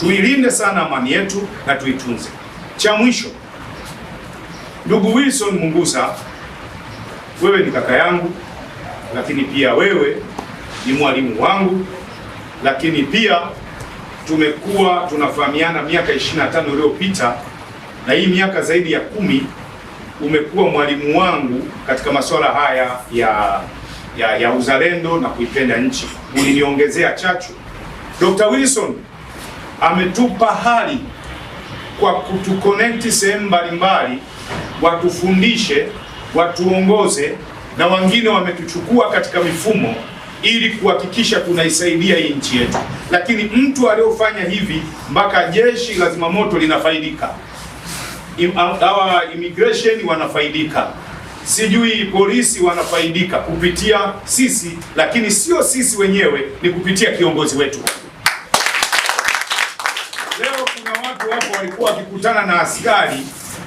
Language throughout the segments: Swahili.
Tuilinde sana amani yetu na tuitunze. Cha mwisho, ndugu Wilson Mungusa, wewe ni kaka yangu, lakini pia wewe ni mwalimu wangu, lakini pia tumekuwa tunafahamiana miaka 25 iliyopita, na hii miaka zaidi ya kumi umekuwa mwalimu wangu katika masuala haya ya, ya, ya uzalendo na kuipenda nchi. Uliniongezea chachu Dr. Wilson ametupa hali kwa kutukonekti sehemu mbalimbali, watufundishe, watuongoze, na wengine wametuchukua katika mifumo ili kuhakikisha tunaisaidia hii nchi yetu. Lakini mtu aliyofanya hivi, mpaka jeshi la zimamoto linafaidika, hawa immigration wanafaidika, sijui polisi wanafaidika kupitia sisi, lakini sio sisi wenyewe, ni kupitia kiongozi wetu. watu wako walikuwa wakikutana na askari,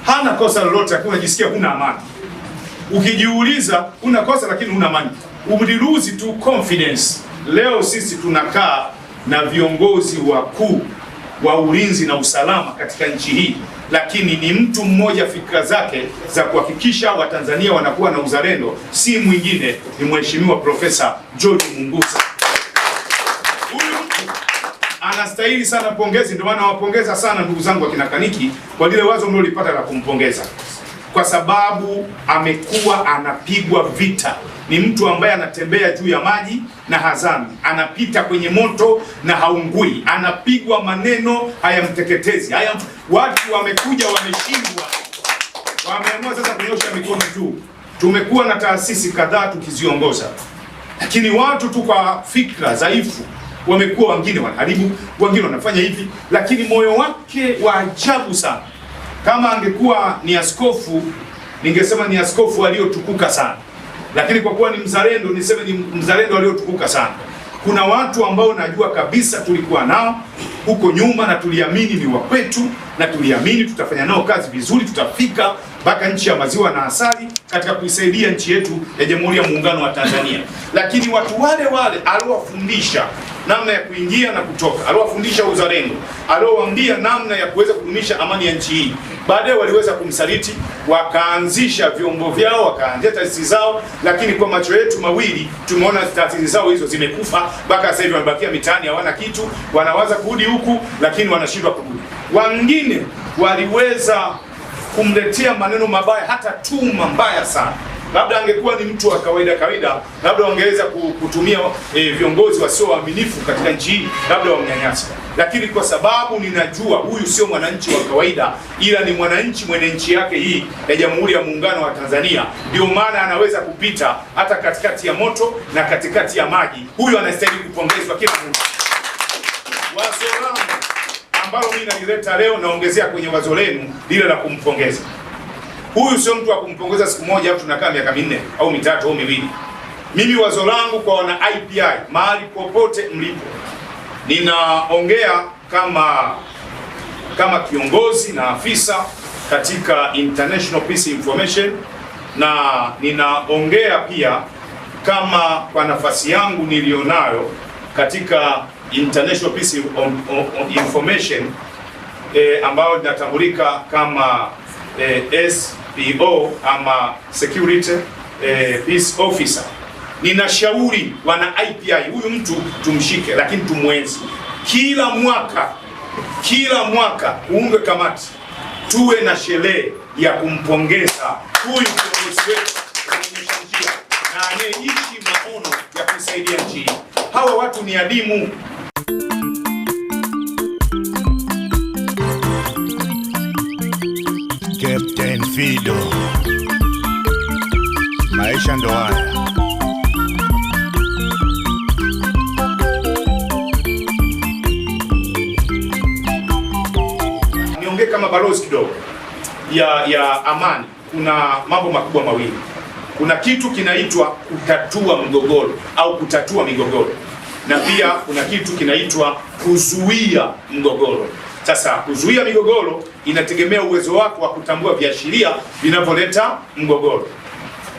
hana kosa lolote, lakini unajisikia huna amani. Ukijiuliza una kosa, lakini huna amani, uliluzi tu confidence. Leo sisi tunakaa na viongozi wakuu wa ulinzi na usalama katika nchi hii, lakini ni mtu mmoja fikra zake za kuhakikisha Watanzania wanakuwa na uzalendo si mwingine, ni Mheshimiwa Profesa George Mungusa anastahili sana pongezi. Ndio maana nawapongeza sana ndugu zangu wa kinakaniki kwa lile wazo mlilopata la kumpongeza, kwa sababu amekuwa anapigwa vita. Ni mtu ambaye anatembea juu ya maji na hazami, anapita kwenye moto na haungui, anapigwa maneno hayamteketezi. Haya, watu wamekuja wameshindwa, wameamua sasa kunyosha mikono juu. Tumekuwa na taasisi kadhaa tukiziongoza, lakini watu tu kwa fikra dhaifu wamekuwa wengine wanaharibu, wengine wanafanya hivi, lakini moyo wake wa ajabu sana. Kama angekuwa ni askofu, ningesema ni askofu aliyotukuka sana, lakini kwa kuwa ni mzalendo, niseme ni mzalendo aliyotukuka sana. Kuna watu ambao najua kabisa tulikuwa nao huko nyuma na tuliamini ni wa kwetu, na tuliamini tutafanya nao kazi vizuri, tutafika mpaka nchi ya maziwa na asali katika kuisaidia nchi yetu ya Jamhuri ya Muungano wa Tanzania. Lakini watu wale wale aliwafundisha namna ya kuingia na kutoka, aliwafundisha uzalendo, aliowaambia namna ya kuweza kudumisha amani ya nchi hii. Baadaye waliweza kumsaliti, wakaanzisha vyombo vyao, wakaanzia taasisi zao, lakini kwa macho yetu mawili tumeona taasisi zao hizo zimekufa mpaka sasa hivi, wamebakia mitaani, hawana kitu, wanawaza kurudi huku, lakini wanashindwa kurudi. Wengine waliweza kumletea maneno mabaya, hata tuma mbaya sana Labda angekuwa ni mtu wa kawaida kawaida, labda wangeweza kutumia e, viongozi wasio waaminifu katika nchi hii, labda wamnyanyasa. Lakini kwa sababu ninajua huyu sio mwananchi wa kawaida, ila ni mwananchi mwenye nchi yake hii ya Jamhuri ya Muungano wa Tanzania, ndio maana anaweza kupita hata katikati ya moto na katikati ya maji. Huyu anastahili kupongezwa kila mtu. ambalo mimi nalileta leo, naongezea kwenye wazo lenu lile la kumpongeza Huyu sio mtu wa kumpongeza siku moja au tunakaa miaka minne au mitatu au miwili. Mimi wazo langu kwa wana IPI mahali popote mlipo, ninaongea kama kama kiongozi na afisa katika International Peace Information na ninaongea pia kama kwa nafasi yangu nilionayo katika International Peace Information eh, ambayo inatambulika kama eh, SPO ama security eh, peace officer, ninashauri wana IPI, huyu mtu tumshike, lakini tumwenzi. Kila mwaka kila mwaka uunge kamati, tuwe na sherehe ya kumpongeza huyu kiongozi wetu na anayeishi maono ya kusaidia nchi. Hawa watu ni adimu. Captain Fido. Maisha ndo haya. Niongee kama balozi kidogo ya ya amani. Kuna mambo makubwa mawili. Kuna kitu kinaitwa kutatua mgogoro au kutatua migogoro, na pia kuna kitu kinaitwa kuzuia mgogoro. Sasa kuzuia migogoro inategemea uwezo wako wa kutambua viashiria vinavyoleta mgogoro.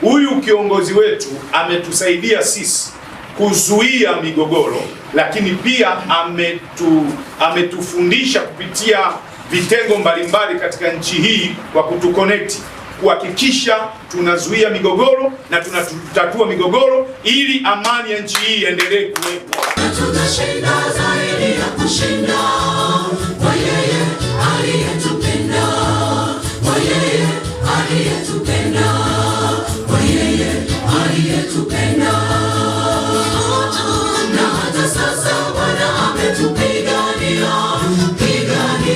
Huyu kiongozi wetu ametusaidia sisi kuzuia migogoro, lakini pia ametu, ametufundisha kupitia vitengo mbalimbali katika nchi hii kwa kutukonekti kuhakikisha tunazuia migogoro na tunatatua migogoro ili amani ya nchi hii iendelee kuwepo. aliye aliyetupa